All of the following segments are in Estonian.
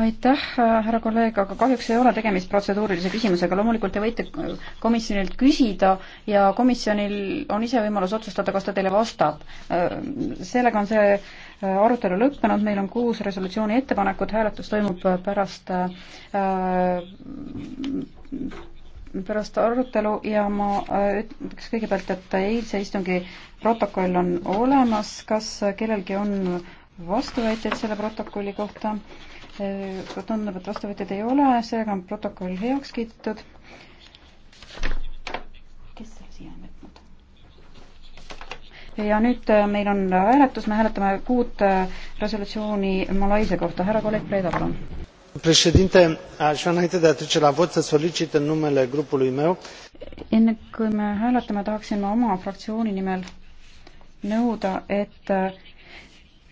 aitäh, härra kolleeg, aga kahjuks ei ole tegemist protseduurilise küsimusega, loomulikult te võite komisjonilt küsida ja komisjonil on ise võimalus otsustada, kas ta teile vastab. sellega on see arutelu lõppenud, meil on kuus resolutsiooni ettepanekut, hääletus toimub pärast pärast arutelu ja ma ütleks kõigepealt, et eilse istungi protokoll on olemas, kas kellelgi on vastuväiteid selle protokolli kohta? tundub, et vastuvõtjaid ei ole, seega on protokoll heaks kiidetud. kes selle siia on võtnud? ja nüüd äh, meil on hääletus, me hääletame kuut äh, resolutsiooni Malaisia kohta. härra kolleeg Preeda, palun. președinte, aș äh, vrea înainte de a trece la vot să solicit în numele grupului meu. enne kui me hääletame, tahaksin ma oma fraktsiooni nimel nõuda, et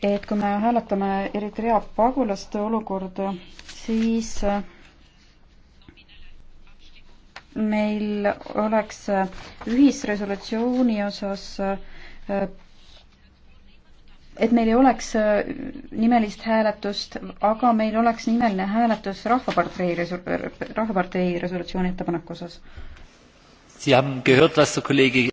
et kui me hääletame Eritrea pagulaste olukorda, siis äh, meil oleks äh, ühisresolutsiooni osas, äh, et meil ei oleks nimelist hääletust, aga meil oleks nimeline hääletus Rahvapartei resu-, Rahvapartei resolutsiooni ettepaneku osas. Sie haben gehört, was der Kollege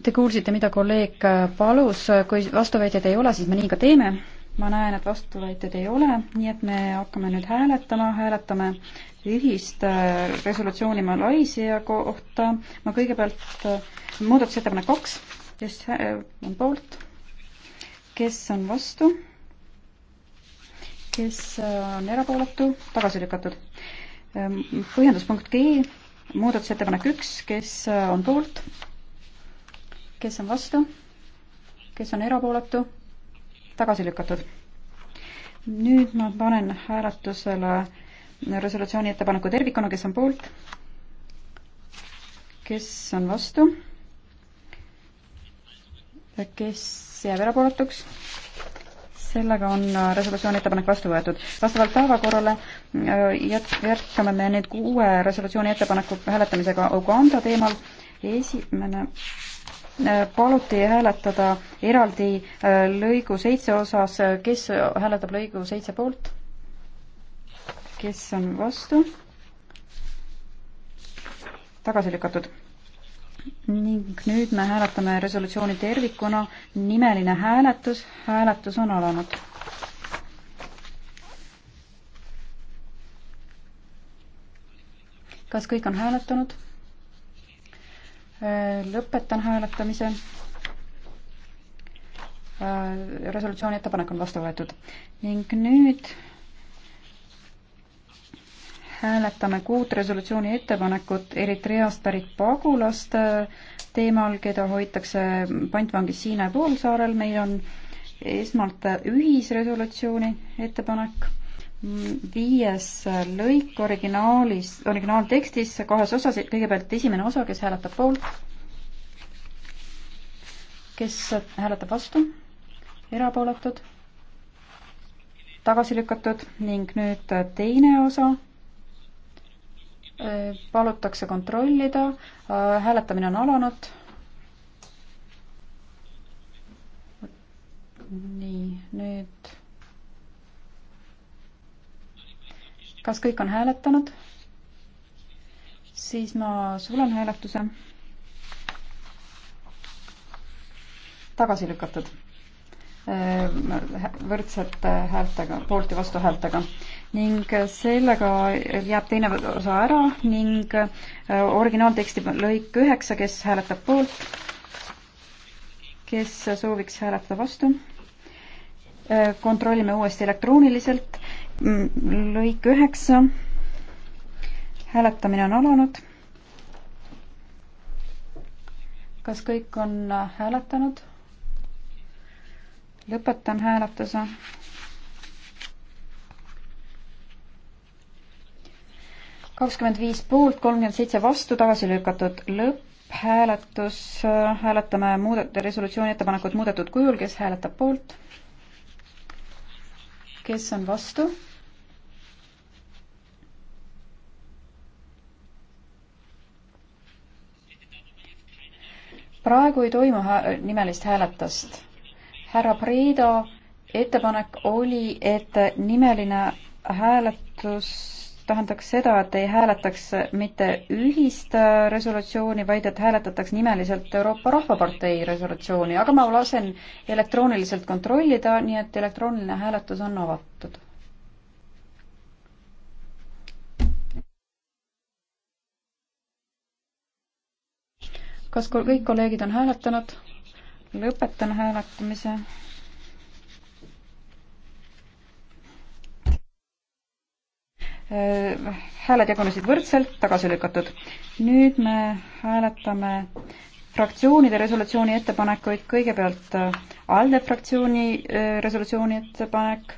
Te kuulsite, mida kolleeg palus, kui vastuväiteid ei ole, siis me nii ka teeme. ma näen, et vastuväiteid ei ole, nii et me hakkame nüüd hääletama, hääletame ühist äh, resolutsiooni Malaisia kohta. ma kõigepealt äh, muudatusettepanek kaks, kes äh, on poolt, kes on vastu, kes on erapooletu, tagasi lükatud. Ähm, põhjenduspunkt G, muudatusettepanek üks, kes on poolt kes on vastu, kes on erapooletu, tagasi lükatud. nüüd ma panen hääletusele resolutsiooni ettepaneku tervikuna, kes on poolt, kes on vastu, kes jääb erapooletuks sellega on äh, resolutsiooni ettepanek vastu võetud. vastavalt päevakorrale äh, jät-, jätkame me nüüd kuue resolutsiooni ettepaneku hääletamisega Uganda teemal. esimene paluti hääletada eraldi äh, lõigu seitse osas, kes hääletab lõigu seitse poolt? kes on vastu? tagasi lükatud. ning nüüd me hääletame resolutsiooni tervikuna. nimeline hääletus, hääletus on alanud. kas kõik on hääletanud? lõpetan hääletamise. Äh, resolutsiooni ettepanek on vastu võetud ning nüüd hääletame kuut resolutsiooni ettepanekut Eritreast pärit pagulaste teemal, keda hoitakse pantvangis Siina poolsaarel. meil on esmalt ühisresolutsiooni ettepanek viies lõik originaalis, originaaltekstis kahes osas, kõigepealt esimene osa, kes hääletab poolt, kes hääletab vastu, erapooletud, tagasi lükatud ning nüüd teine osa, palutakse kontrollida, hääletamine on alanud kas kõik on hääletanud? siis ma sulen hääletuse. tagasi lükatud. Äh, võrdsete häältega, poolt ja vastu häältega ning sellega jääb teine osa ära ning äh, originaalteksti lõik üheksa, kes hääletab poolt, kes sooviks hääletada vastu. Äh, kontrollime uuesti elektrooniliselt lõik üheksa. hääletamine on alanud. kas kõik on äh, hääletanud? lõpetan hääletuse. kakskümmend viis poolt, kolmkümmend seitse vastu, tagasi lükatud lõpphääletus. hääletame muudet-, resolutsiooni ettepanekut muudetud kujul, kes hääletab poolt? kes on vastu? praegu ei toimu hää nimelist hääletust. härra Priido ettepanek oli, et nimeline hääletus tähendaks seda, et ei hääletaks mitte ühist äh, resolutsiooni, vaid et hääletataks nimeliselt Euroopa Rahvapartei resolutsiooni, aga ma lasen elektrooniliselt kontrollida, nii et elektrooniline hääletus on avatud kas kõik kolleegid on hääletanud? lõpetan hääletamise. Äh, hääled jagunesid võrdselt, tagasi lükatud. nüüd me hääletame fraktsioonide resolutsiooni ettepanekuid, kõigepealt äh, ALDE fraktsiooni äh, resolutsiooni ettepanek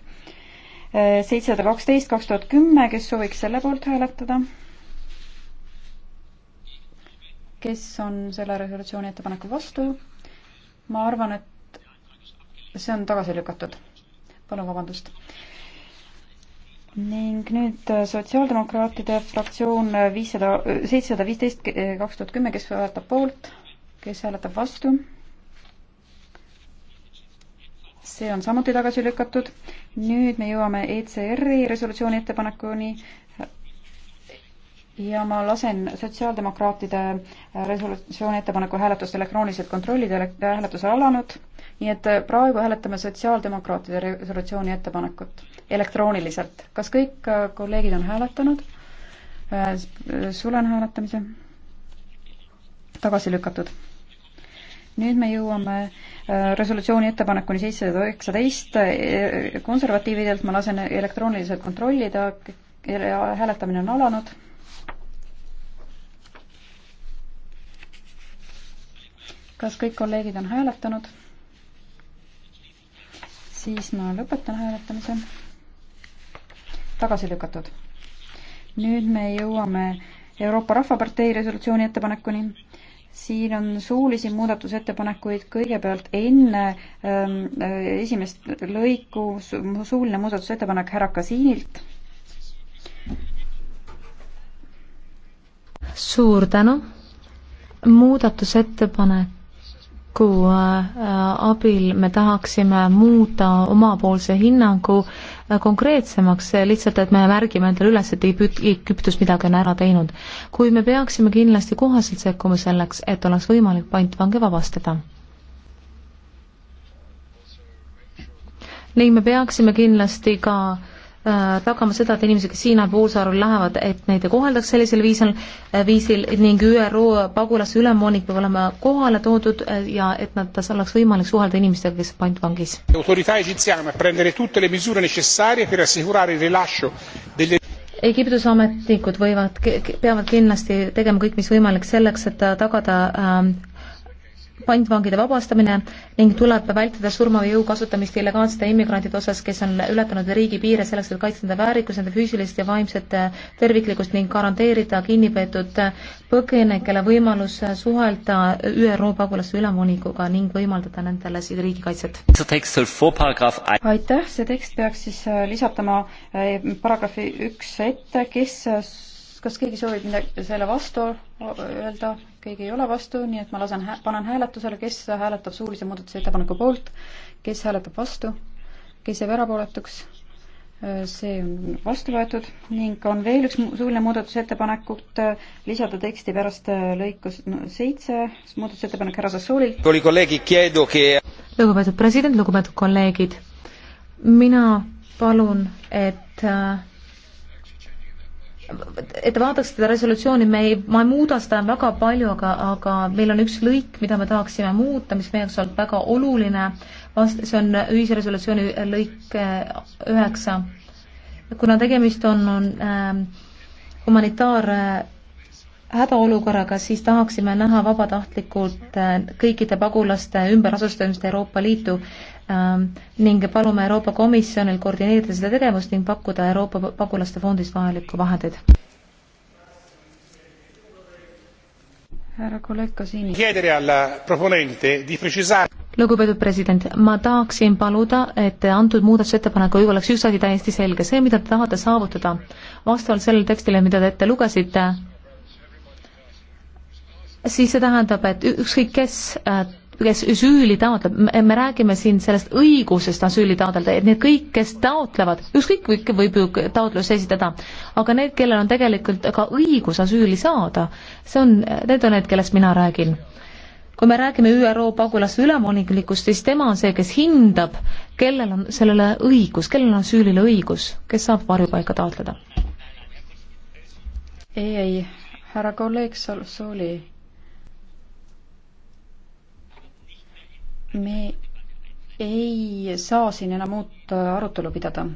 seitsesada kaksteist, kaks tuhat kümme, kes sooviks selle poolt hääletada? kes on selle resolutsiooni ettepaneku vastu? ma arvan, et see on tagasi lükatud. palun vabandust. ning nüüd äh, Sotsiaaldemokraatide fraktsioon viissada, seitsesada viisteist äh, kaks tuhat kümme, kes hääletab poolt, kes hääletab vastu? see on samuti tagasi lükatud. nüüd me jõuame ECR-i resolutsiooni ettepanekuni ja ma lasen sotsiaaldemokraatide äh, resolutsiooni ettepaneku hääletust elektrooniliselt kontrollida, äh, hääletus alanud, nii et äh, praegu hääletame sotsiaaldemokraatide resolutsiooni ettepanekut elektrooniliselt. kas kõik kolleegid on hääletanud? sulen hääletamise. tagasi lükatud nüüd me jõuame resolutsiooni ettepanekuni seitsesada üheksateist konservatiividelt, ma lasen elektrooniliselt kontrollida, hääletamine on alanud kas kõik kolleegid on hääletanud? siis ma lõpetan hääletamise. tagasi lükatud. nüüd me jõuame Euroopa Rahvapartei resolutsiooni ettepanekuni. siin on suulisi muudatusettepanekuid kõigepealt enne ähm, äh, esimest lõiku suuline muudatusettepanek härra Kasiinilt. suur tänu. muudatusettepanek ettepaneku äh, abil me tahaksime muuta omapoolse hinnangu äh, konkreetsemaks, äh, lihtsalt et me märgime endale üles, et Egiptus midagi on ära teinud. kuid me peaksime kindlasti kohaselt sekkuma selleks, et oleks võimalik pantvange vabastada. ning me peaksime kindlasti ka äh, Äh, tagama seda, et inimesed, kes Hiina poolsaarel lähevad, et neid ei koheldaks sellisel viisil, äh, viisil ning ÜRO pagulaste ülemvolinik peab olema kohale toodud äh, ja et nad, tas oleks võimalik suhelda inimestega, kes pantvangis. Egiptuse ametnikud võivad, peavad kindlasti tegema kõik, mis võimalik selleks, et tagada ähm, pantvangide vabastamine ning tuleb vältida surmava jõu kasutamist illegaalsete immigrantide osas, kes on ületanud riigi piire selleks, et kaitsta nende väärikust, nende füüsilist ja vaimset äh, terviklikkust ning garanteerida kinnipeetud põgenikele võimalus äh, suhelda ÜRO pagulaste ülemvolikuga ning võimaldada nendele siin riigikaitset. aitäh, see tekst peaks siis äh, lisatama paragrahvi üks ette, kes kas keegi soovib midagi selle vastu öelda? keegi ei ole vastu, nii et ma lasen, panen hääletusele, kes hääletab suulise muudatusettepaneku poolt, kes hääletab vastu, kes jääb erapooletuks, see on vastu võetud ning on veel üks suuline muudatusettepanekut lisada teksti pärast lõikus seitse no,, muudatusettepanek härra Sassoolilt. lugupeetud president, lugupeetud kolleegid, mina palun, et äh, et te vaataks seda resolutsiooni, me ei, ma ei muuda seda väga palju, aga, aga meil on üks lõik, mida me tahaksime muuta, mis meie jaoks on väga oluline, vast-, see on ühise resolutsiooni lõik üheksa. kuna tegemist on, on äh, humanitaar äh, hädaolukorraga, siis tahaksime näha vabatahtlikult äh, kõikide pagulaste ümberasustamist Euroopa Liitu ähm, ning palume Euroopa Komisjonil koordineerida seda tegevust ning pakkuda Euroopa pagulaste fondist vajalikku vahendeid. härra kolleeg Kasiini. lugupeetud president, ma tahaksin paluda, et antud muudatusettepaneku juurde oleks üks asi täiesti selge, see, mida te tahate saavutada, vastavalt sellele tekstile, mida te ette lugesite, siis see tähendab, et ükskõik kes äh, kes süüli taotleb, me räägime siin sellest õigusest asüüli taotleda, et need kõik, kes taotlevad, ükskõik võib ju taotluse esitada, aga need, kellel on tegelikult ka õigus asüüli saada, see on, need on need, kellest mina räägin. kui me räägime ÜRO pagulaste ülemvolinikust, siis tema on see, kes hindab, kellel on sellele õigus, kellel on asüülile õigus, kes saab varjupaika taotleda. ei, ei, härra kolleeg Sol-, Sooli me ei saa siin enam uut äh, arutelu pidada.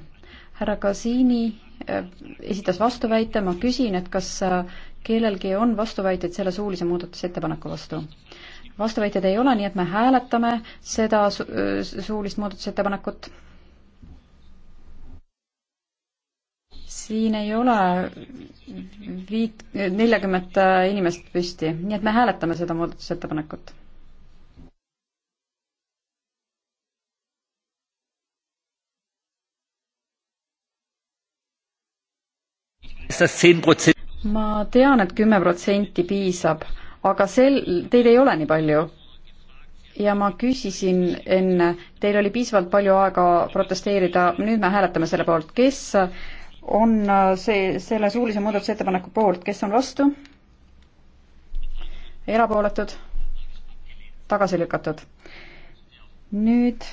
härra Kasiini äh, esitas vastuväite, ma küsin, et kas äh, kellelgi on vastuväiteid selle suulise muudatusettepaneku vastu? vastuväiteid ei ole, nii et me hääletame seda su suulist muudatusettepanekut. siin ei ole viit, neljakümmet inimest püsti, nii et me hääletame seda muudatusettepanekut ma tean et, et kümme protsenti piisab, aga sel, teil ei ole nii palju. ja ma küsisin enne, teil oli piisavalt palju aega protesteerida, nüüd me hääletame selle poolt, kes on see, selle suulise muudatusettepaneku poolt, kes on vastu? erapooletud? tagasi lükatud? nüüd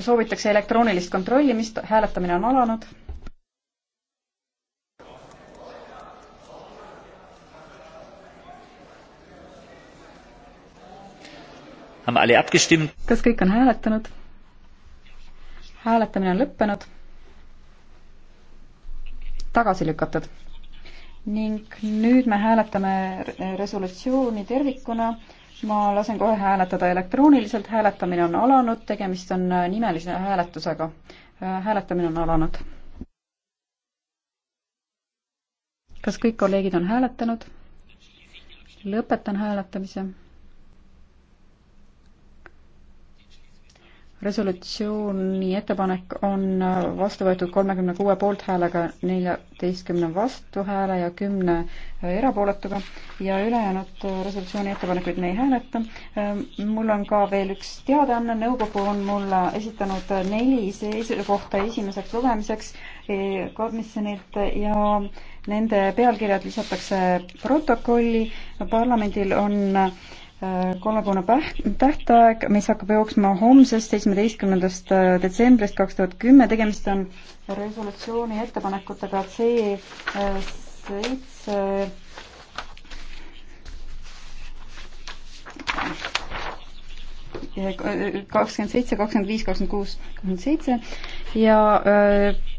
soovitakse elektroonilist kontrollimist, hääletamine on alanud kas kõik on hääletanud? hääletamine on lõppenud. tagasi lükatud. ning nüüd me hääletame resolutsiooni tervikuna. ma lasen kohe hääletada elektrooniliselt, hääletamine on alanud, tegemist on äh, nimelise hääletusega. Äh, hääletamine on alanud. kas kõik kolleegid on hääletanud? lõpetan hääletamise resolutsiooni ettepanek on vastu võetud kolmekümne kuue poolthäälega, neljateistkümne vastuhääle ja kümne erapooletuga ja ülejäänud resolutsiooni ettepanekuid me ei hääleta. Ähm, mul on ka veel üks teadaanne, nõukogu on mulle esitanud neli seisukohta esimeseks lugemiseks e, komisjonilt ja nende pealkirjad lisatakse protokolli. parlamendil on kolmekuune tähtaeg, mis hakkab jooksma homsest, seitsmeteistkümnendast äh, detsembrist kaks tuhat kümme, tegemist on resolutsiooni ettepanekutega C äh, seitse äh, kakskümmend seitse, kakskümmend viis, kakskümmend kuus, kakskümmend seitse ja öö,